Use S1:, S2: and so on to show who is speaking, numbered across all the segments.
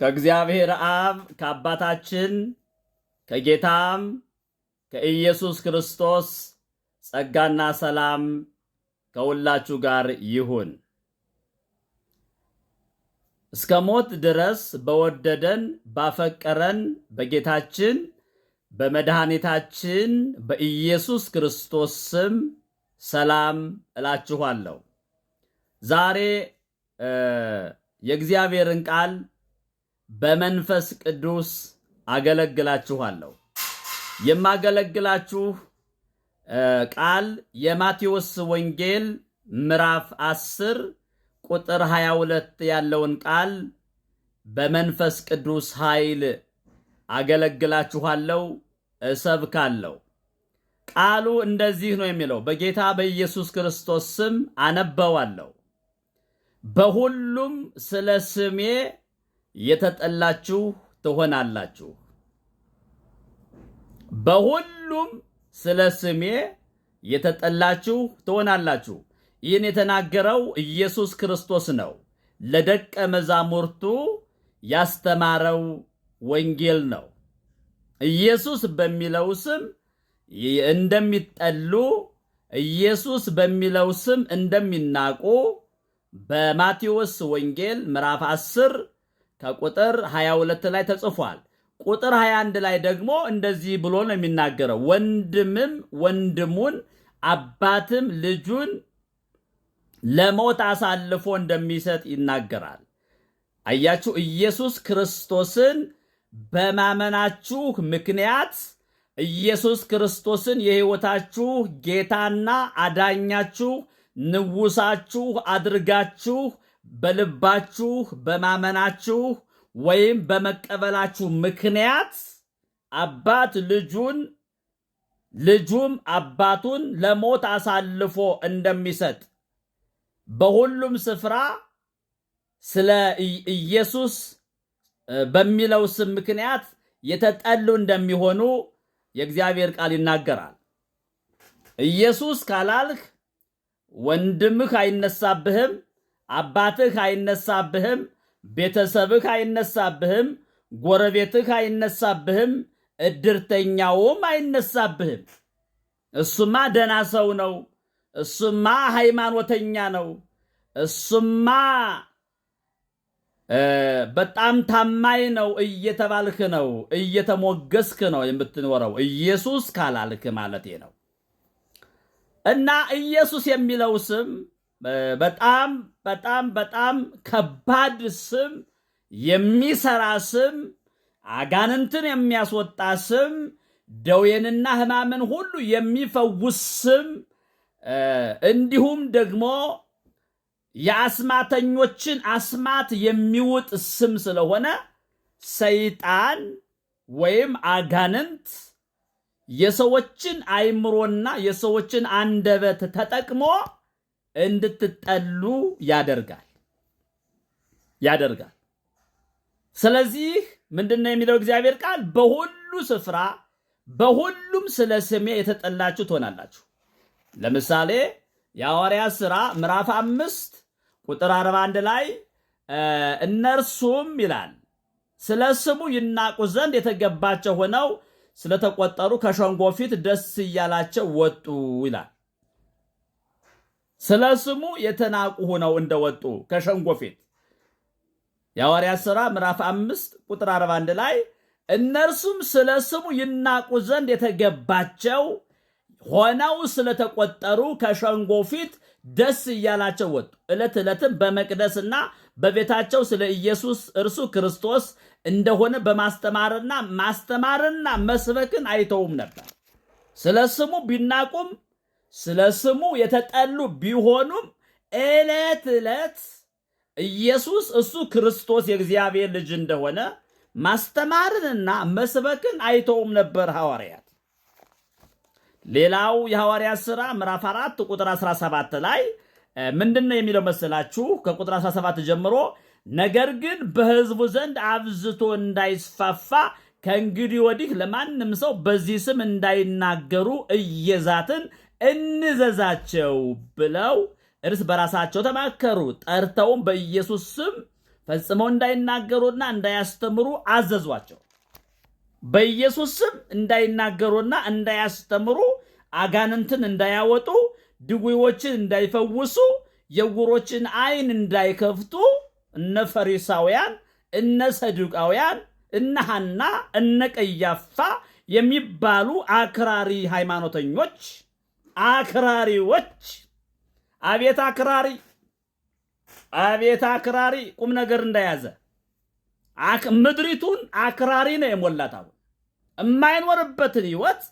S1: ከእግዚአብሔር አብ ከአባታችን ከጌታም ከኢየሱስ ክርስቶስ ጸጋና ሰላም ከሁላችሁ ጋር ይሁን። እስከ ሞት ድረስ በወደደን ባፈቀረን በጌታችን በመድኃኒታችን በኢየሱስ ክርስቶስ ስም ሰላም እላችኋለሁ። ዛሬ የእግዚአብሔርን ቃል በመንፈስ ቅዱስ አገለግላችኋለሁ። የማገለግላችሁ ቃል የማቴዎስ ወንጌል ምዕራፍ 10 ቁጥር 22 ያለውን ቃል በመንፈስ ቅዱስ ኃይል አገለግላችኋለሁ፣ እሰብካለሁ። ቃሉ እንደዚህ ነው የሚለው። በጌታ በኢየሱስ ክርስቶስ ስም አነበዋለሁ። በሁሉም ስለ ስሜ የተጠላችሁ ትሆናላችሁ። በሁሉም ስለ ስሜ የተጠላችሁ ትሆናላችሁ። ይህን የተናገረው ኢየሱስ ክርስቶስ ነው። ለደቀ መዛሙርቱ ያስተማረው ወንጌል ነው። ኢየሱስ በሚለው ስም እንደሚጠሉ፣ ኢየሱስ በሚለው ስም እንደሚናቁ በማቴዎስ ወንጌል ምዕራፍ 10 ከቁጥር 22 ላይ ተጽፏል። ቁጥር 21 ላይ ደግሞ እንደዚህ ብሎ ነው የሚናገረው ወንድምም ወንድሙን አባትም ልጁን ለሞት አሳልፎ እንደሚሰጥ ይናገራል። አያችሁ፣ ኢየሱስ ክርስቶስን በማመናችሁ ምክንያት ኢየሱስ ክርስቶስን የሕይወታችሁ ጌታና አዳኛችሁ ንጉሳችሁ አድርጋችሁ በልባችሁ በማመናችሁ ወይም በመቀበላችሁ ምክንያት አባት ልጁን ልጁም አባቱን ለሞት አሳልፎ እንደሚሰጥ በሁሉም ስፍራ ስለ ኢየሱስ በሚለው ስም ምክንያት የተጠሉ እንደሚሆኑ የእግዚአብሔር ቃል ይናገራል። ኢየሱስ ካላልክ ወንድምህ አይነሳብህም። አባትህ አይነሳብህም፣ ቤተሰብህ አይነሳብህም፣ ጎረቤትህ አይነሳብህም፣ እድርተኛውም አይነሳብህም። እሱማ ደና ሰው ነው፣ እሱማ ሃይማኖተኛ ነው፣ እሱማ በጣም ታማኝ ነው እየተባልክ ነው እየተሞገስክ ነው የምትኖረው፣ ኢየሱስ ካላልክ ማለት ነው። እና ኢየሱስ የሚለው ስም በጣም በጣም በጣም ከባድ ስም የሚሰራ ስም፣ አጋንንትን የሚያስወጣ ስም፣ ደዌንና ሕማምን ሁሉ የሚፈውስ ስም እንዲሁም ደግሞ የአስማተኞችን አስማት የሚውጥ ስም ስለሆነ ሰይጣን ወይም አጋንንት የሰዎችን አይምሮና የሰዎችን አንደበት ተጠቅሞ እንድትጠሉ ያደርጋል ያደርጋል። ስለዚህ ምንድን ነው የሚለው እግዚአብሔር ቃል? በሁሉ ስፍራ በሁሉም ስለ ስሜ የተጠላችሁ ትሆናላችሁ። ለምሳሌ የሐዋርያት ሥራ ምዕራፍ አምስት ቁጥር 41 ላይ እነርሱም ይላል ስለ ስሙ ይናቁ ዘንድ የተገባቸው ሆነው ስለተቆጠሩ ከሸንጎ ፊት ደስ እያላቸው ወጡ ይላል። ስለ ስሙ የተናቁ ሆነው እንደወጡ ከሸንጎ ፊት የሐዋርያት ሥራ ምዕራፍ አምስት ቁጥር 41 ላይ እነርሱም ስለ ስሙ ይናቁ ዘንድ የተገባቸው ሆነው ስለተቆጠሩ ከሸንጎ ፊት ደስ እያላቸው ወጡ። ዕለት ዕለትም በመቅደስና በቤታቸው ስለ ኢየሱስ እርሱ ክርስቶስ እንደሆነ በማስተማርና ማስተማርና መስበክን አይተውም ነበር። ስለ ስሙ ቢናቁም ስለ ስሙ የተጠሉ ቢሆኑም ዕለት ዕለት ኢየሱስ እሱ ክርስቶስ የእግዚአብሔር ልጅ እንደሆነ ማስተማርንና መስበክን አይተውም ነበር ሐዋርያት። ሌላው የሐዋርያት ሥራ ምዕራፍ 4 ቁጥር 17 ላይ ምንድን ነው የሚለው መሰላችሁ? ከቁጥር 17 ጀምሮ ነገር ግን በሕዝቡ ዘንድ አብዝቶ እንዳይስፋፋ ከእንግዲህ ወዲህ ለማንም ሰው በዚህ ስም እንዳይናገሩ እየዛትን እንዘዛቸው ብለው እርስ በራሳቸው ተማከሩ። ጠርተውም በኢየሱስ ስም ፈጽመው እንዳይናገሩና እንዳያስተምሩ አዘዟቸው። በኢየሱስ ስም እንዳይናገሩና እንዳያስተምሩ፣ አጋንንትን እንዳያወጡ፣ ድዌዎችን እንዳይፈውሱ፣ የውሮችን ዓይን እንዳይከፍቱ እነ ፈሪሳውያን እነ ሰዱቃውያን እነ ሐና እነ ቀያፋ የሚባሉ አክራሪ ሃይማኖተኞች አክራሪዎች አቤት አክራሪ አቤት አክራሪ ቁም ነገር እንደያዘ ምድሪቱን አክራሪ ነው የሞላት። አሁን የማይኖርበትን ህይወት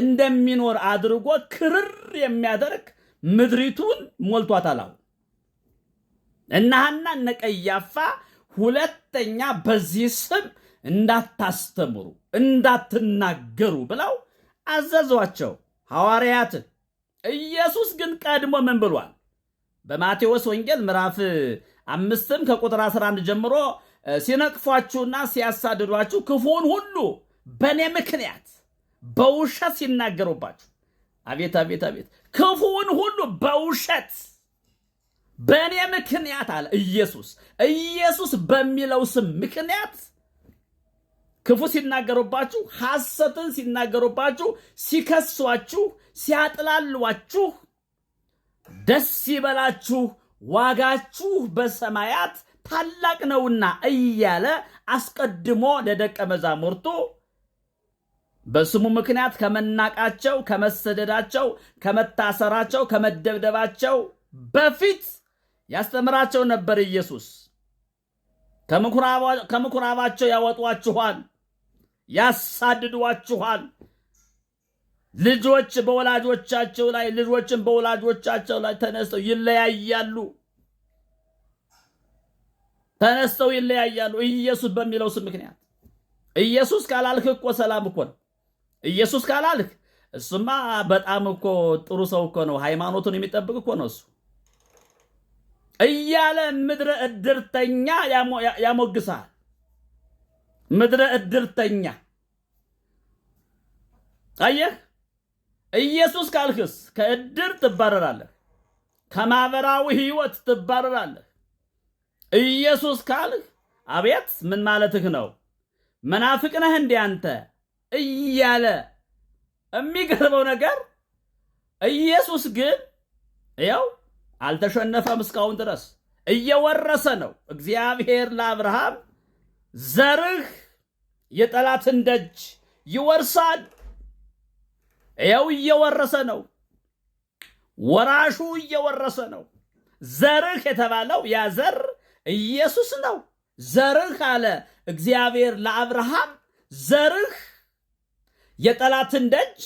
S1: እንደሚኖር አድርጎ ክርር የሚያደርግ ምድሪቱን ሞልቷታል። አሁን እነ ሐና እነ ቀያፋ ሁለተኛ በዚህ ስም እንዳታስተምሩ እንዳትናገሩ ብለው አዘዟቸው ሐዋርያትን። ኢየሱስ ግን ቀድሞ ምን ብሏል? በማቴዎስ ወንጌል ምዕራፍ አምስትም ከቁጥር 11 ጀምሮ ሲነቅፏችሁና ሲያሳድዷችሁ ክፉውን ሁሉ በእኔ ምክንያት በውሸት ሲናገሩባችሁ፣ አቤት አቤት አቤት፣ ክፉውን ሁሉ በውሸት በእኔ ምክንያት አለ ኢየሱስ። ኢየሱስ በሚለው ስም ምክንያት ክፉ ሲናገሩባችሁ፣ ሐሰትን ሲናገሩባችሁ፣ ሲከሷችሁ፣ ሲያጥላሏችሁ ደስ ይበላችሁ ዋጋችሁ በሰማያት ታላቅ ነውና እያለ አስቀድሞ ለደቀ መዛሙርቱ በስሙ ምክንያት ከመናቃቸው፣ ከመሰደዳቸው፣ ከመታሰራቸው፣ ከመደብደባቸው በፊት ያስተምራቸው ነበር። ኢየሱስ ከምኩራባቸው ያወጧችኋል ያሳድዷችኋል። ልጆች በወላጆቻቸው ላይ ልጆችን በወላጆቻቸው ላይ ተነስተው ይለያያሉ፣ ተነስተው ይለያያሉ። ኢየሱስ በሚለው ስም ምክንያት ኢየሱስ ካላልክ እኮ ሰላም እኮ ነው። ኢየሱስ ካላልክ እሱማ በጣም እኮ ጥሩ ሰው እኮ ነው፣ ሃይማኖቱን የሚጠብቅ እኮ ነው እሱ እያለ ምድረ እድርተኛ ያሞግሳል። ምድረ እድልተኛ አየህ፣ ኢየሱስ ካልክስ ከእድር ትባረራለህ፣ ከማህበራዊ ህይወት ትባረራለህ። ኢየሱስ ካልህ አቤት ምን ማለትህ ነው? መናፍቅ ነህ እንዴ አንተ እያለ የሚገርመው ነገር ኢየሱስ ግን ያው አልተሸነፈም። እስካሁን ድረስ እየወረሰ ነው እግዚአብሔር ለአብርሃም ዘርህ የጠላትን ደጅ ይወርሳል። ያው እየወረሰ ነው፣ ወራሹ እየወረሰ ነው። ዘርህ የተባለው ያ ዘር ኢየሱስ ነው። ዘርህ አለ እግዚአብሔር ለአብርሃም፣ ዘርህ የጠላትን ደጅ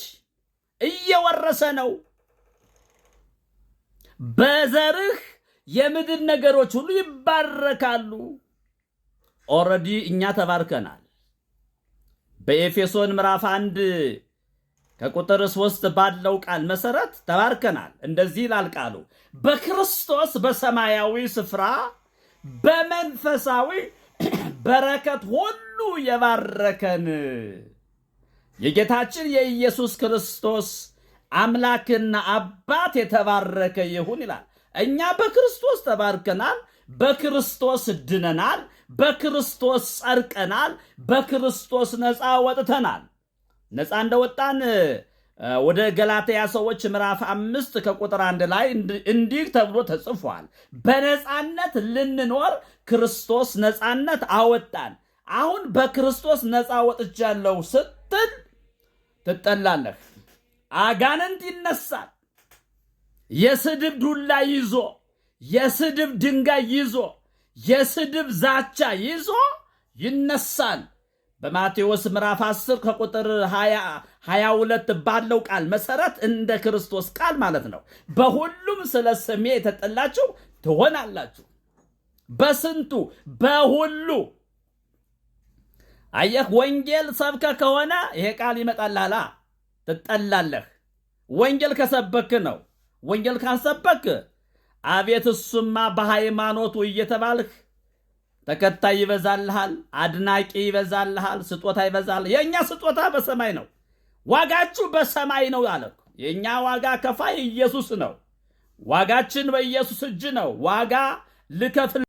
S1: እየወረሰ ነው። በዘርህ የምድር ነገሮች ሁሉ ይባረካሉ። ኦረዲ እኛ ተባርከናል። በኤፌሶን ምዕራፍ አንድ ከቁጥር ሶስት ባለው ቃል መሰረት ተባርከናል። እንደዚህ ይላል ቃሉ በክርስቶስ በሰማያዊ ስፍራ በመንፈሳዊ በረከት ሁሉ የባረከን የጌታችን የኢየሱስ ክርስቶስ አምላክና አባት የተባረከ ይሁን ይላል። እኛ በክርስቶስ ተባርከናል፣ በክርስቶስ ድነናል፣ በክርስቶስ ጸድቀናል፣ በክርስቶስ ነፃ ወጥተናል። ነፃ እንደወጣን ወደ ገላትያ ሰዎች ምዕራፍ አምስት ከቁጥር አንድ ላይ እንዲህ ተብሎ ተጽፏል። በነፃነት ልንኖር ክርስቶስ ነፃነት አወጣን። አሁን በክርስቶስ ነፃ ወጥቻለሁ ስትል ትጠላለህ። አጋንንት ይነሳል። የስድብ ዱላ ይዞ የስድብ ድንጋይ ይዞ የስድብ ዛቻ ይዞ ይነሳል። በማቴዎስ ምዕራፍ 10 ከቁጥር 22 ባለው ቃል መሰረት እንደ ክርስቶስ ቃል ማለት ነው። በሁሉም ስለ ስሜ የተጠላችሁ ትሆናላችሁ። በስንቱ በሁሉ አየህ፣ ወንጌል ሰብከ ከሆነ ይሄ ቃል ይመጣልላ ትጠላለህ። ወንጌል ከሰበክ ነው። ወንጌል ካልሰበክ አቤት እሱማ በሃይማኖቱ እየተባልህ ተከታይ ይበዛልሃል፣ አድናቂ ይበዛልሃል፣ ስጦታ ይበዛል። የእኛ ስጦታ በሰማይ ነው፣ ዋጋችሁ በሰማይ ነው አለ። የእኛ ዋጋ ከፋይ ኢየሱስ ነው። ዋጋችን በኢየሱስ እጅ ነው። ዋጋ ልከፍል